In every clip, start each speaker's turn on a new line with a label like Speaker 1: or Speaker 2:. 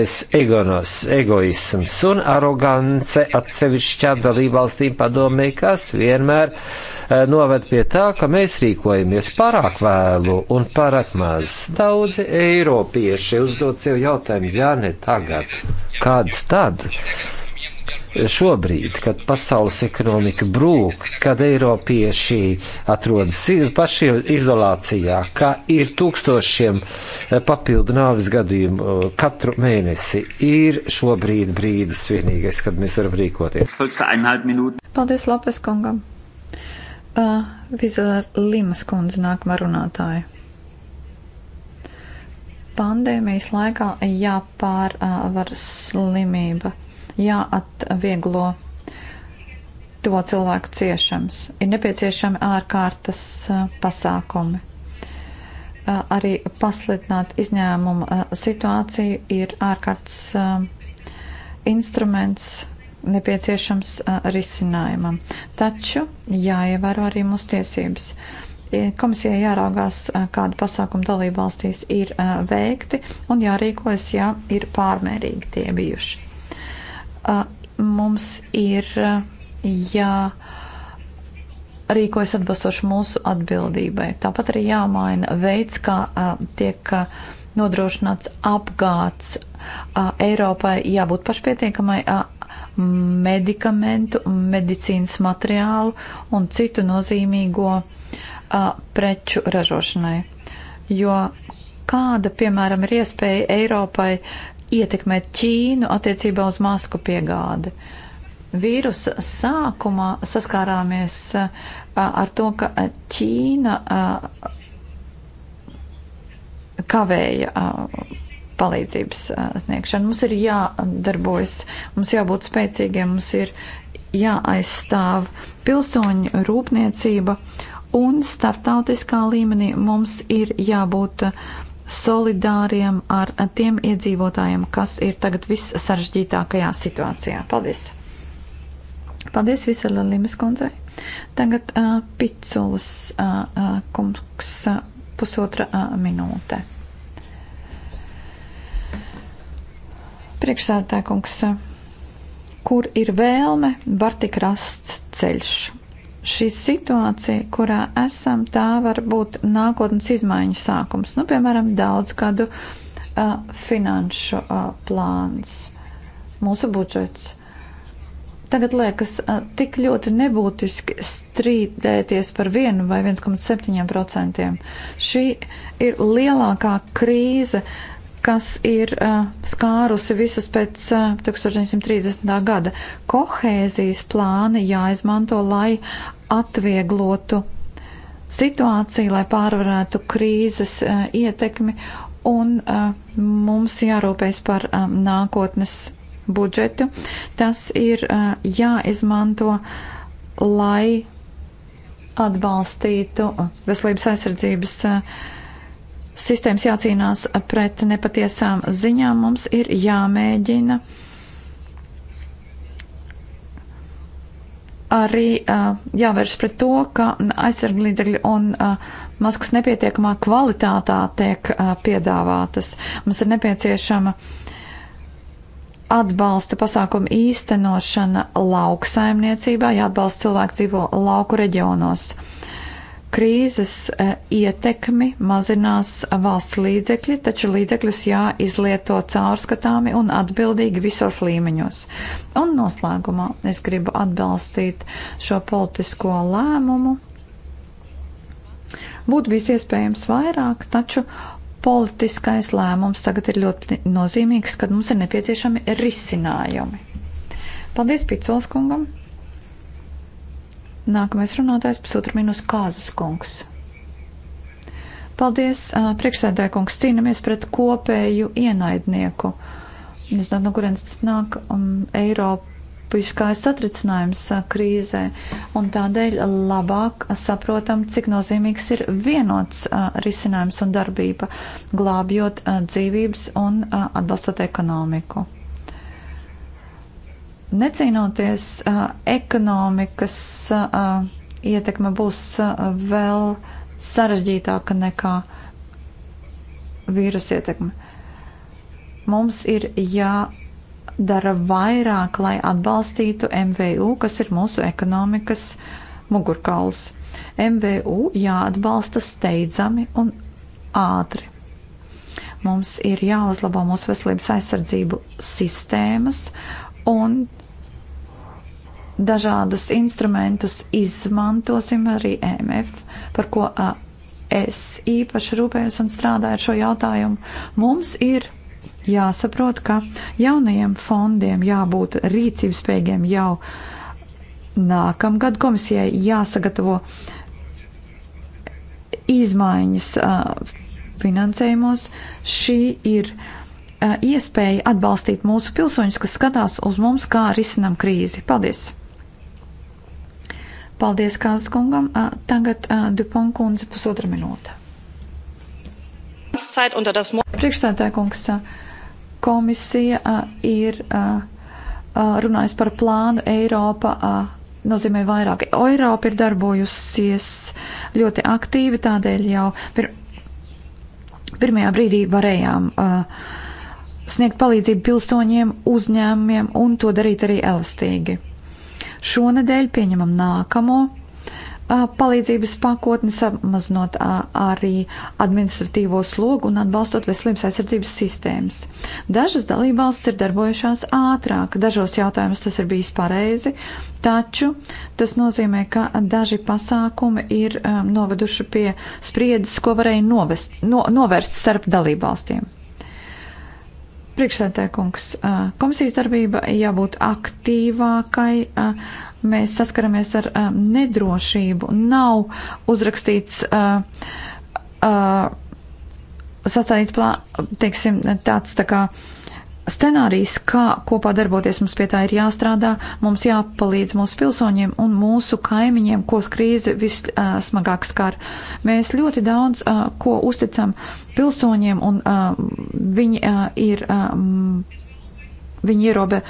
Speaker 1: Egonos, egoisms un arogance atsevišķām dalībvalstīm padomē, kas vienmēr eh, noved pie tā, ka mēs rīkojamies pārāk vēlu un pārāk maz. Daudzi eiropieši uzdod sev jautājumu, ja ne tagad, kāds tad? šobrīd, kad pasaules ekonomika brūk, kad eiropieši atrodas paši izolācijā, ka ir tūkstošiem eh, papildu nāvis gadījumu eh, katru mēnesi, ir šobrīd brīdis vienīgais, kad mēs varam rīkoties. Paldies Lopes kungam. Uh, Vizela Limas kundze nākamā runātāja pandēmijas laikā jāpārvar slimība jāatvieglo to cilvēku ciešams. Ir nepieciešami ārkārtas pasākumi. Arī pasliktināt izņēmuma situāciju ir ārkārtas instruments nepieciešams risinājumam. Taču jāievēro arī mūsu tiesības komisijai jāraugās, kādu pasākumu dalību valstīs ir veikti un jārīkojas, ja jā, ir pārmērīgi tie bijuši mums ir jārīkojas atbilstoši mūsu atbildībai. Tāpat arī jāmaina veids, kā tiek nodrošināts apgāds. Eiropai jābūt pašpietiekamai medikamentu, medicīnas materiālu un citu nozīmīgo preču ražošanai. Jo kāda, piemēram, ir iespēja Eiropai ietekmē Ķīnu attiecībā uz masku piegādi. Vīrusa sākumā saskārāmies ar to, ka Ķīna kavēja palīdzības sniegšanu. Mums ir jādarbojas, mums jābūt spēcīgiem, mums ir jāaizstāv pilsoņu rūpniecība un starptautiskā līmenī mums ir jābūt uh, solidāriem ar tiem iedzīvotājiem, kas ir tagad vissaržģītākajā situācijā. Paldies! Paldies Visalai Limaskundze. Tagad uh, Piculas uh, kungs uh, pusotra uh, minūte. Priekšsēdētāj kungs, uh, kur ir vēlme, var tik rasts ceļš šī situācija, kurā esam, tā var būt nākotnes izmaiņu sākums. Nu, piemēram, daudzgadu uh, finanšu uh, plāns, mūsu budžets. Tagad liekas uh, tik ļoti nebūtiski strīdēties par 1 vai 1,7%. Šī ir lielākā krīze, kas ir uh, skārusi visus pēc uh, 1930. gada. Kohēzijas plāni jāizmanto, lai atvieglotu situāciju, lai pārvarētu krīzes e, ietekmi, un e, mums jārūpējas par e, nākotnes budžetu. Tas ir jāizmanto, lai atbalstītu veselības aizsardzības sistēmas jācīnās pret nepatiesām ziņām. Mums ir jāmēģina uh, arī uh, jāvērš pret to, ka aizsarglīdzekļi un uh, maskas nepietiekamā kvalitātā tiek uh, piedāvātas. Mums ir nepieciešama atbalsta pasākuma īstenošana lauksaimniecībā, jāatbalsta cilvēku dzīvo lauku reģionos. Uh, krīzes e, ietekmi mazinās valsts līdzekļi, taču līdzekļus jāizlieto caurskatāmi un atbildīgi visos līmeņos. Un noslēgumā es gribu atbalstīt šo politisko lēmumu. Būtu bijis iespējams vairāk, taču politiskais lēmums tagad ir ļoti nozīmīgs, kad mums ir nepieciešami risinājumi. Paldies Picolskungam! Nākamais runātājs pusotru minūtes Kāzas kungs. Paldies, priekšsēdē kungs, cīnamies pret kopēju ienaidnieku. Es domāju, no kurienes tas nāk, um, Eiropa puiskais satricinājums krīzē, un tādēļ labāk saprotam, cik nozīmīgs ir vienots risinājums un darbība, glābjot dzīvības un atbalstot ekonomiku. Necīnoties, ekonomikas ietekme būs vēl sarežģītāka nekā vīrusu ietekme. Mums ir jādara vairāk, lai atbalstītu MVU, kas ir mūsu ekonomikas mugurkauls. MVU jāatbalsta steidzami un ātri. Mums ir jāuzlabo mūsu veselības aizsardzību sistēmas un dažādus instrumentus izmantosim arī e MF, par ko es īpaši rūpējos un strādāju ar šo jautājumu. Mums ir jāsaprot, ka jaunajiem fondiem jābūt rīcības spējīgiem jau nākamgad komisijai jāsagatavo izmaiņas finansējumos. Šī ir iespēja atbalstīt mūsu pilsoņus, kas skatās uz mums, kā risinam krīzi. Paldies! Paldies Kāzas kungam. Tagad Dupont kundze pusotra minūte. Priekšsētāja kungs, komisija ir runājusi par plānu Eiropa nozīmē vairāk. Eiropa ir darbojusies ļoti aktīvi, tādēļ jau pir pirmajā brīdī varējām uh, sniegt palīdzību pilsoņiem, uzņēmumiem un to darīt arī elastīgi. Šonadēļ pieņemam nākamo palīdzības pakotni, samaznot arī administratīvo slogu un atbalstot veselības aizsardzības sistēmas. Dažas dalībvalstis ir darbojušās ātrāk, dažos jautājumus tas ir bijis pareizi, taču tas nozīmē, ka daži pasākumi ir um, noveduši pie spriedzes, ko varēja novest, no, novērst starp dalībvalstiem. Priekšsēdētājkungs, komisijas darbība jābūt aktīvākai. Mēs saskaramies ar nedrošību. Nav uzrakstīts. Sastādīts plā, teiksim, tāds tā kā uh, scenārijs, kā kopā darboties, mums pie tā ir jāstrādā, mums jāpalīdz mūsu pilsoņiem un mūsu kaimiņiem, ko krīze vissmagāk uh, skar. Mēs ļoti daudz uh, ko uzticam pilsoņiem, un uh, viņi uh, ir. Um, Viņi ierobe,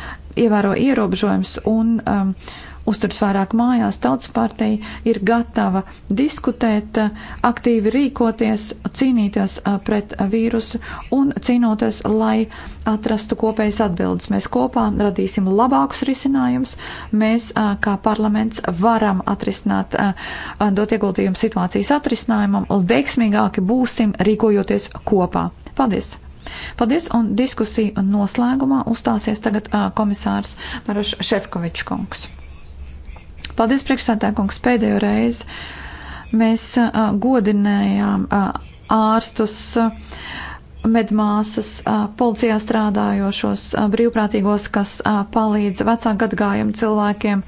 Speaker 1: ievēro ierobežojums un um, uh, uzturs vairāk mājās, tautas partija ir gatava diskutēt, aktīvi rīkoties, cīnīties uh, pret vīrusu un cīnoties, lai atrastu kopējas atbildes. Mēs kopā radīsim labākus risinājumus. Mēs, uh, kā parlaments, varam atrisināt, uh, dot ieguldījumu situācijas atrisinājumam, veiksmīgāki būsim rīkojoties kopā. Paldies! Paldies, un diskusiju noslēgumā uzstāsies tagad komisārs Maroš Šefkovičs kungs. Paldies, priekšsētākungs, pēdējo reizi mēs uh, godinējām uh, ārstus. Uh, medmāsas, policijā strādājošos, brīvprātīgos, kas palīdz vecāku gadgājumu cilvēkiem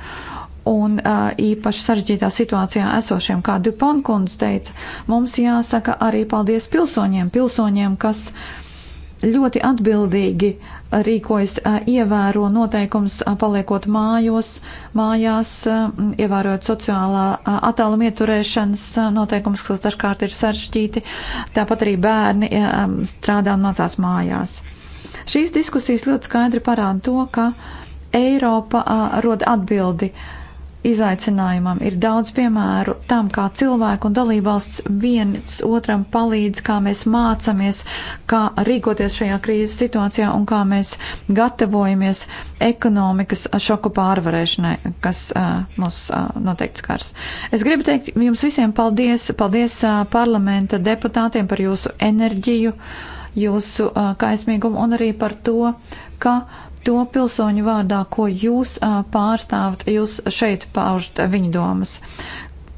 Speaker 1: un īpaši sarežģītā situācijā esošiem. Kā Dupont kundze teica, mums jāsaka arī paldies pilsoņiem, pilsoņiem, kas uh, ļoti atbildīgi rīkojas, ievēro noteikums, paliekot mājos, mājās, ievērojot sociālā attāluma ieturēšanas noteikums, kas dažkārt ir sarežģīti. Tāpat arī bērni strādā un mācās mājās. Šīs diskusijas ļoti skaidri parāda to, ka Eiropa rod atbildi uh, izaicinājumam. Ir daudz piemēru tam, kā cilvēku un dalībvalsts viens otram palīdz, kā mēs mācamies, kā rīkoties šajā krīzes situācijā un kā mēs gatavojamies ekonomikas šoku pārvarēšanai, kas uh, mums uh, noteikti skars. Es gribu teikt jums visiem paldies, paldies uh, parlamenta deputātiem par jūsu enerģiju, jūsu uh, kaismīgumu un arī par to, ka to pilsoņu vārdā, ko jūs pārstāvat, jūs šeit paužat viņu domas.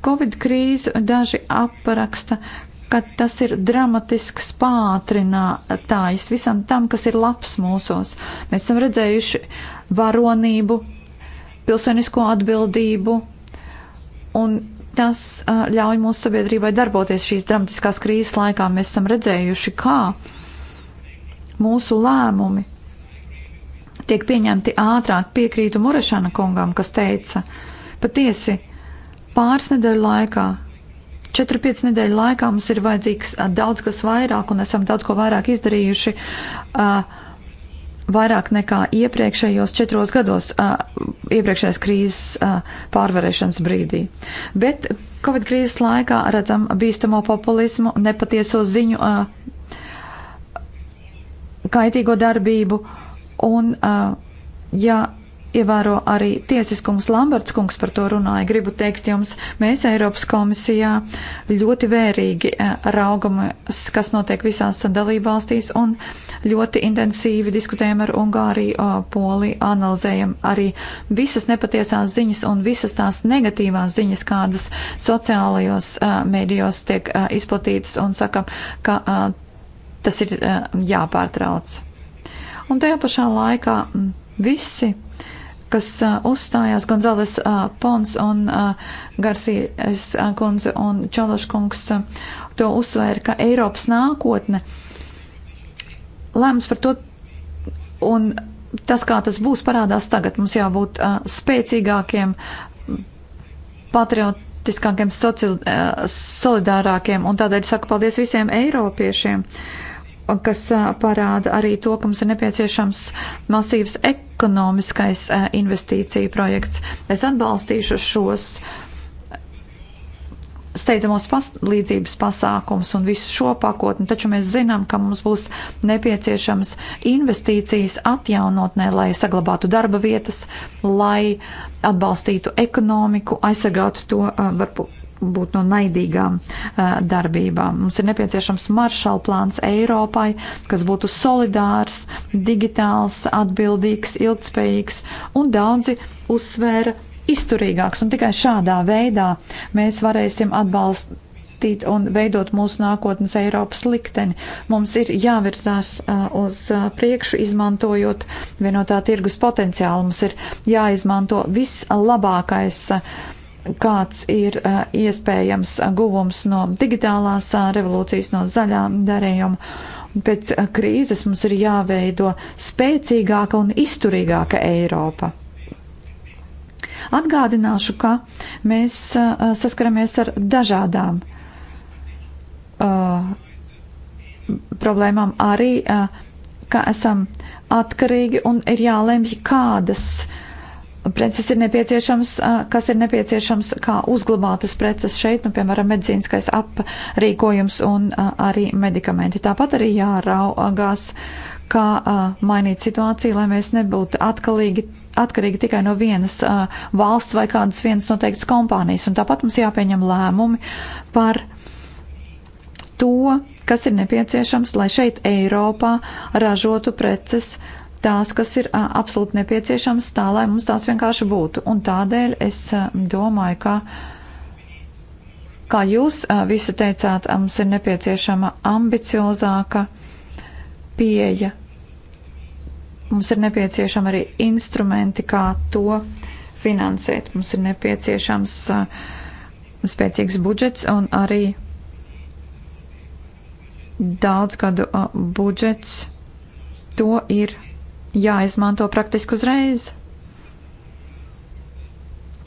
Speaker 1: Covid krīzi daži apraksta, ka tas ir dramatisks pātrinātājs visam tam, kas ir labs mūsos. Mēs esam redzējuši varonību, pilsonisko atbildību, un tas uh, ļauj mūsu sabiedrībai darboties šīs dramatiskās krīzes laikā. Mēs esam redzējuši, kā mūsu lēmumi tiek pieņemti ātrāk. Piekrītu Murašana kungam, kas teica, patiesi pāris nedēļu laikā, 4-5 nedēļu laikā mums ir vajadzīgs daudz kas vairāk un esam daudz ko vairāk izdarījuši. Uh, Vairāk nekā iepriekšējos četros gados, uh, iepriekšējās krīzes uh, pārvarēšanas brīdī. Bet Covid krīzes laikā redzam bīstamo populismu, nepatieso ziņu, uh, kaitīgo darbību, uh, Un uh, ja ievēro arī tiesiskums Lamberts kungs par to runāja, gribu teikt jums, mēs Eiropas komisijā ļoti vērīgi uh, raugamies, kas notiek visās dalībvalstīs un ļoti intensīvi diskutējam ar Ungāriju, uh, Poliju, analizējam arī visas nepatiesās ziņas un visas tās negatīvās ziņas, kādas sociālajos uh, mēdījos tiek izplatītas un sakam, ka tas ir jāpārtrauc. Un tajā pašā laikā mm, visi, kas uzstājās, Gonzales Pons un Garcijas kundze un Čološkungs, to uzsvēra, ka Eiropas nākotne lēms par to un tas, kā tas būs, parādās tagad. Mums jābūt uh, spēcīgākiem, patriotiskākiem, sociāl, uh, solidārākiem. Un tādēļ saku paldies visiem eiropiešiem, kas parāda arī to, ka mums ir nepieciešams masīvs ekonomiskais investīciju projekts. Es atbalstīšu šos steidzamos palīdzības pasākums un visu šo pakotni, taču mēs zinām, ka mums būs nepieciešams investīcijas atjaunotnē, lai saglabātu darba vietas, lai atbalstītu ekonomiku, aizsargātu to varbūt būt no naidīgām darbībām. Mums ir nepieciešams maršala plāns Eiropai, kas būtu solidārs, digitāls, atbildīgs, ilgtspējīgs, un daudzi uzsvēra izturīgāks, un tikai šādā veidā mēs varēsim atbalstīt attīstīt un veidot mūsu nākotnes Eiropas likteni. Mums ir jāvirzās uz priekšu, izmantojot vienotā tirgus potenciālu. Mums ir jāizmanto vislabākais kāds ir eh, iespējams guvums no digitālās eh, revolūcijas, no zaļā darījuma. Pēc eh, krīzes mums ir jāveido spēcīgāka un izturīgāka Eiropa. Atgādināšu, ka mēs saskaramies ar dažādām uh, problēmām arī, uh, ka esam atkarīgi un ir jālemj, kādas uh, preces ir nepieciešams, kas ir nepieciešams, kā uzglabātas preces šeit, nu, piemēram, medicīniskais aprīkojums un arī medikamenti. Tāpat arī jāraugās, kā mainīt situāciju, lai mēs nebūtu atkalīgi. Atkarīgi tikai no vienas uh, valsts vai kādas vienas noteiktas kompānijas. Un tāpat mums jāpieņem lēmumi par to, kas ir nepieciešams, lai šeit Eiropā ražotu preces uh, tās, kas ir absolūti nepieciešamas, tā lai mums tās vienkārši būtu. Un tādēļ es domāju, ka, kā jūs visi teicāt, mums ir nepieciešama ambiciozāka pieeja. Mums ir nepieciešama arī instrumenti, kā to finansēt. Mums ir nepieciešams spēcīgs budžets un arī daudzgadu budžets. To ir jāizmanto praktiski uzreiz,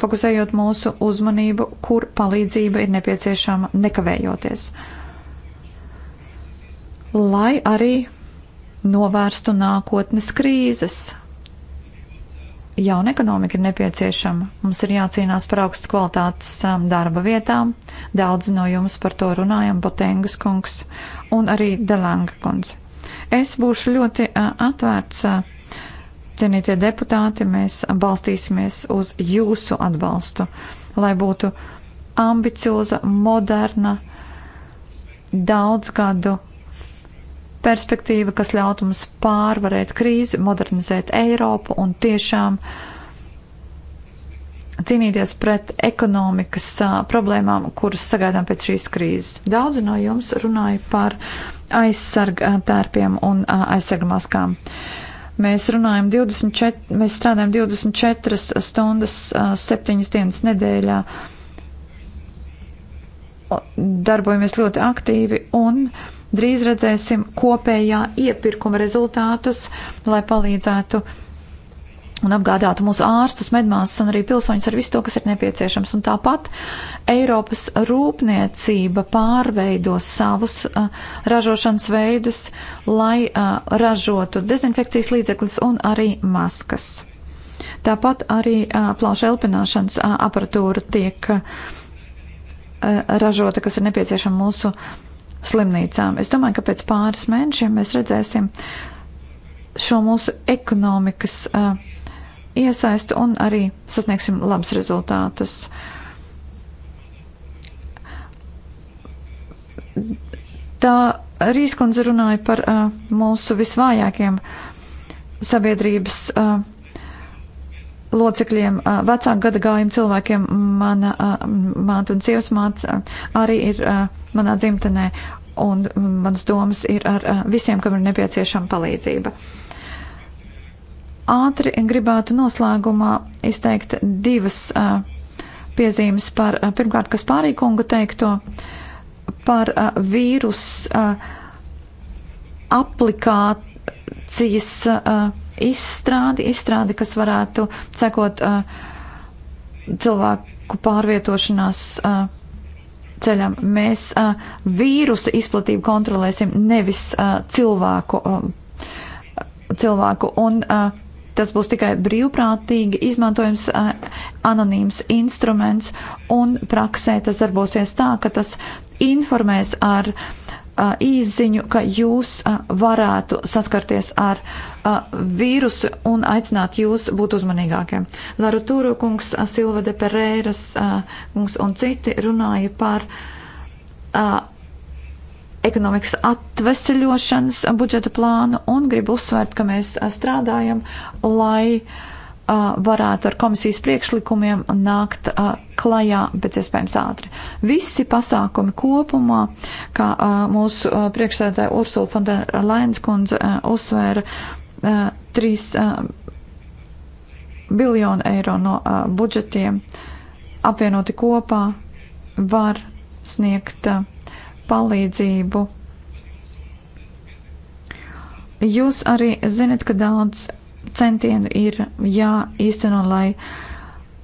Speaker 1: fokusējot mūsu uzmanību, kur palīdzība ir nepieciešama nekavējoties, lai arī novērstu nākotnes krīzes. Jauna ekonomika ir nepieciešama. Mums ir jācīnās par augstas kvalitātes um, darba vietām. Daudz no jums par to runājam, Botengas kungs un arī Delanga kungs. Es būšu ļoti uh, atvērts uh, cienītie deputāti, mēs balstīsimies uz jūsu atbalstu, lai būtu ambicioza, moderna, daudzgadu perspektīva, kas ļautu mums pārvarēt krīzi, modernizēt Eiropu un tiešām cīnīties pret ekonomikas problēmām, kuras sagaidām pēc šīs krīzes. Daudzi no jums runāja par aizsargtērpiem un aizsargmaskām. Uh, Mēs, 24, mēs strādājam 24 stundas, 7 dienas nedēļā, darbojamies ļoti aktīvi un drīz redzēsim kopējā iepirkuma rezultātus, lai palīdzētu uh, un apgādātu mūsu ārstus, medmāsas un arī pilsoņus ar visu to, kas ir nepieciešams. Un tāpat Eiropas rūpniecība pārveido savus uh, ražošanas veidus, lai uh, ražotu dezinfekcijas līdzekļus un arī maskas. Tāpat arī uh, plaušu elpināšanas uh, aparatūra tiek uh, ražota, kas ir nepieciešama mūsu slimnīcām. Es domāju, ka pēc pāris mēnešiem mēs redzēsim šo mūsu ekonomikas uh, iesaistu un arī sasniegsim labus rezultātus. Tā Rīskundze runāja par uh, mūsu visvājākiem sabiedrības uh, locekļiem, uh, vecāku gada gājumu cilvēkiem. Mana uh, māte un sievas māte uh, arī ir uh, manā dzimtenē, un um, manas domas ir ar uh, visiem, kam ir nepieciešama palīdzība. Uh, Ātri gribētu noslēgumā izteikt divas uh, piezīmes par, uh, pirmkārt, kas pārīkunga teikto par uh, vīrus uh, aplikācijas uh, izstrādi, izstrādi, kas varētu cekot uh, cilvēku pārvietošanās uh, ceļam. Mēs uh, vīrusa izplatību kontrolēsim, nevis uh, cilvēku. Uh, cilvēku un, uh, Tas būs tikai brīvprātīgi izmantojams anonīms instruments un praksē tas darbosies tā, ka tas informēs ar īziņu, ka jūs varētu saskarties ar vīrusu un aicināt jūs būt uzmanīgākiem. Laru Tūru kungs, Silva de Pereiras kungs un citi runāja par ekonomikas atveseļošanas budžeta plānu un gribu uzsvērt, ka mēs strādājam, lai varētu ar komisijas priekšlikumiem nākt klajā pēc iespējams ātri. Visi pasākumi kopumā, kā mūsu priekšsēdētāja Ursula Fondera Lainas kundze uzsvēra, 3 biljonu eiro no budžetiem apvienoti kopā var sniegt uh, palīdzību. Jūs arī zinat, ka daudz centienu ir jāīsteno, lai uh,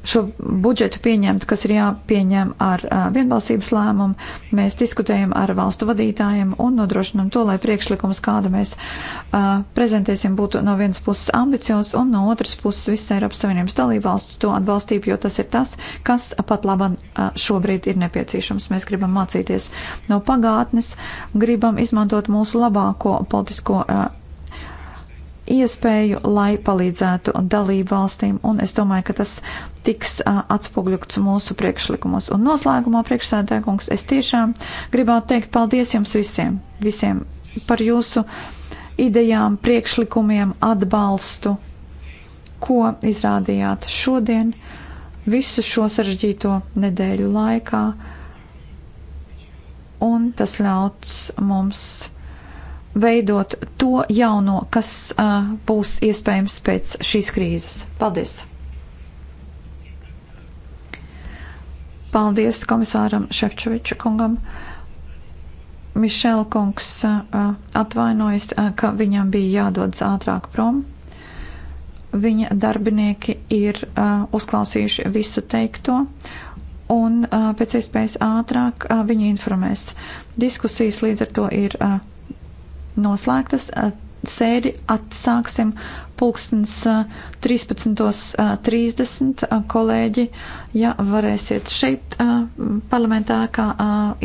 Speaker 1: šo budžetu pieņemt, kas ir jāpieņem ar uh, vienbalsības lēmumu. Mēs diskutējam ar valstu vadītājiem un nodrošinam to, lai priekšlikums, kādu mēs uh, prezentēsim, būtu no vienas puses ambiciozs un no otras puses visas Eiropas Savienības dalībvalsts to atbalstītu, jo tas ir tas, kas pat laban uh, šobrīd ir nepieciešams. Mēs gribam mācīties no pagātnes, gribam izmantot mūsu labāko politisko. Uh, iespēju, lai palīdzētu dalību valstīm, un es domāju, ka tas tiks atspogļots mūsu priekšlikumos. Un noslēgumā priekšsēdētājkungs, es tiešām gribētu teikt paldies jums visiem, visiem par jūsu idejām, priekšlikumiem, atbalstu, ko izrādījāt šodien visu šo sarežģīto nedēļu laikā. Un tas ļauts mums veidot to jauno, kas uh, būs iespējams pēc šīs krīzes. Paldies! Paldies komisāram Šefčoviča kungam. Mišela kungs atvainojas, ka viņam bija jādodas ātrāk prom. Viņa darbinieki ir uzklausījuši visu teikto un pēc iespējas ātrāk viņu informēs. Diskusijas līdz ar to ir noslēgtas sēdi atsāksim pulkstens 13.30. Kolēģi, ja varēsiet šeit parlamentā kā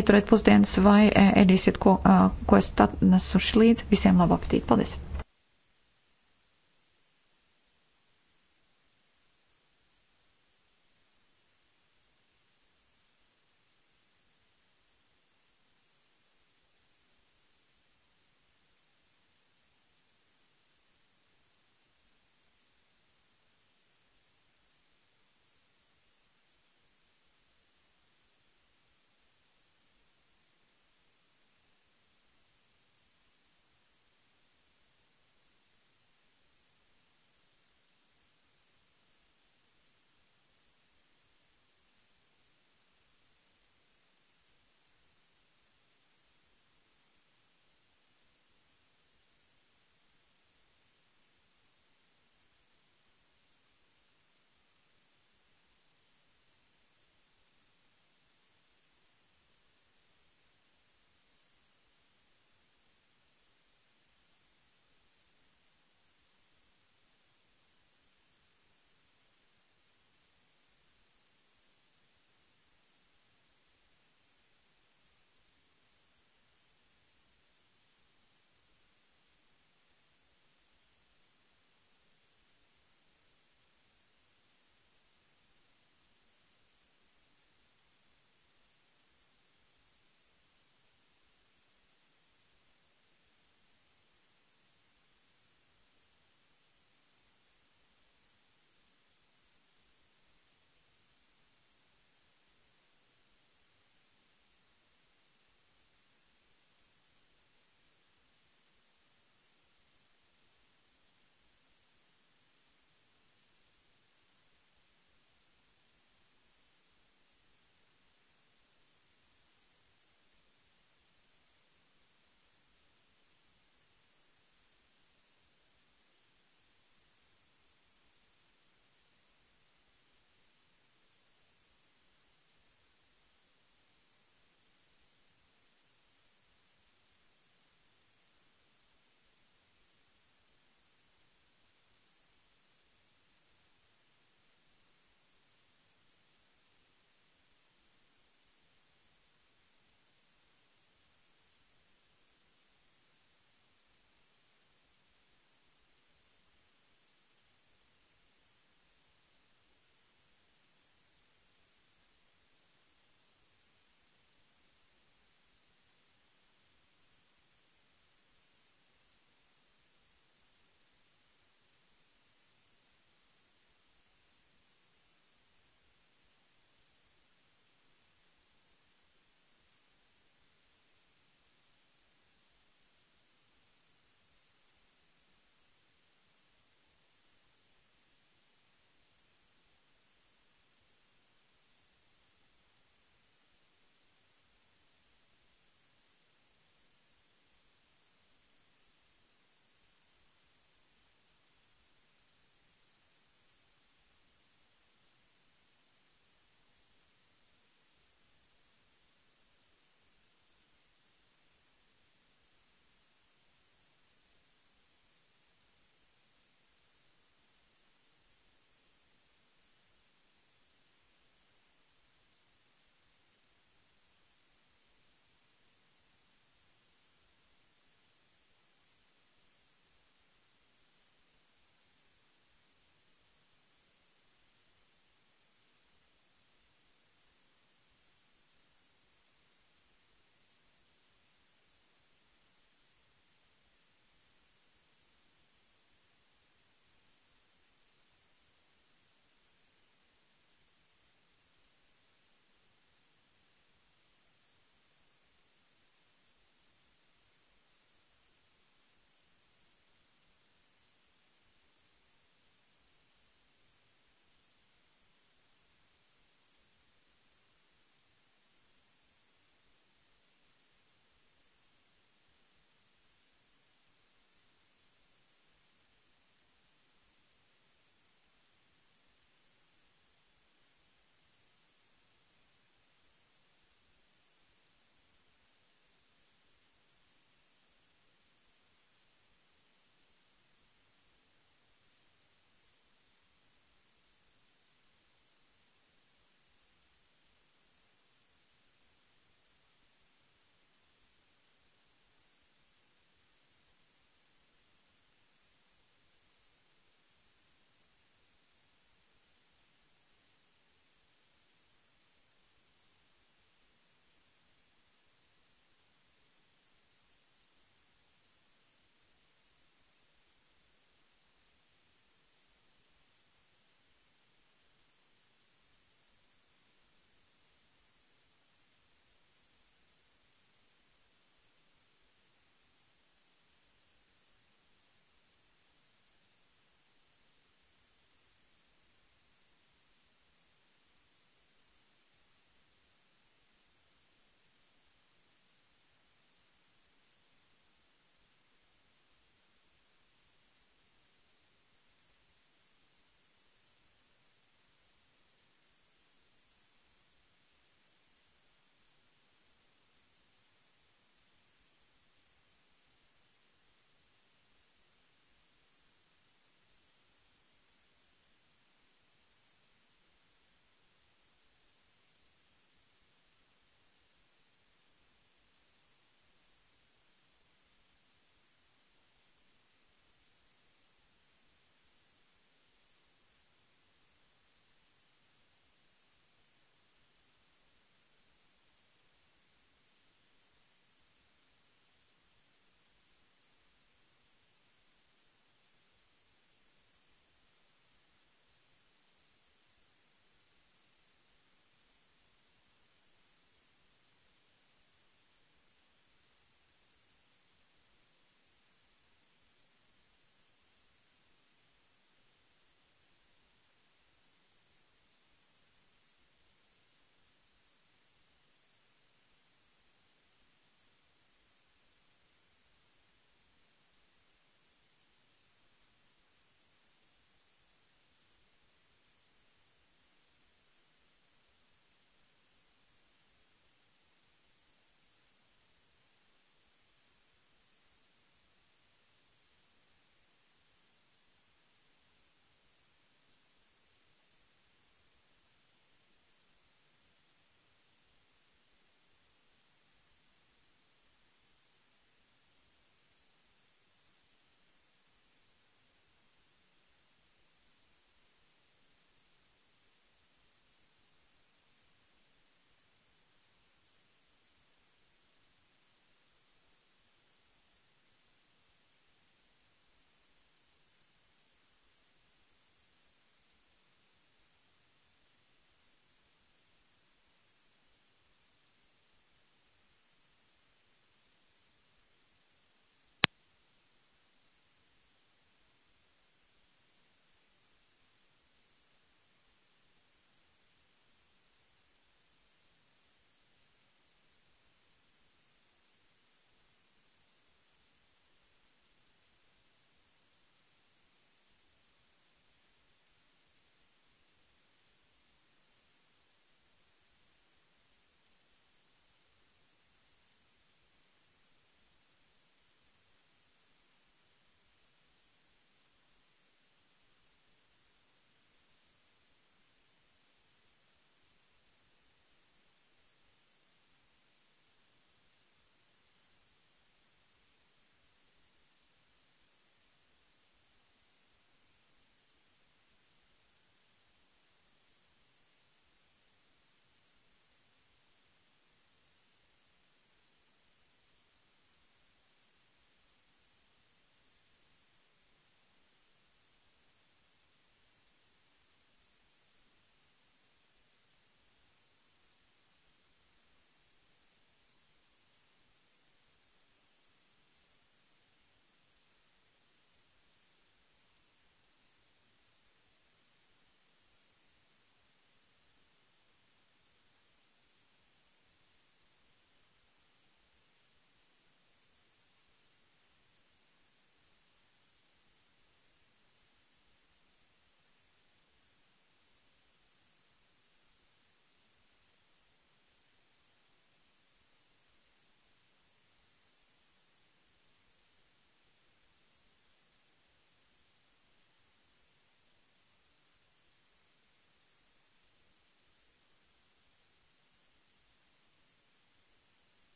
Speaker 1: ieturēt pusdienas vai ēdīsiet ko, ko es tad nesuši līdzi, visiem labu apetīti. Paldies!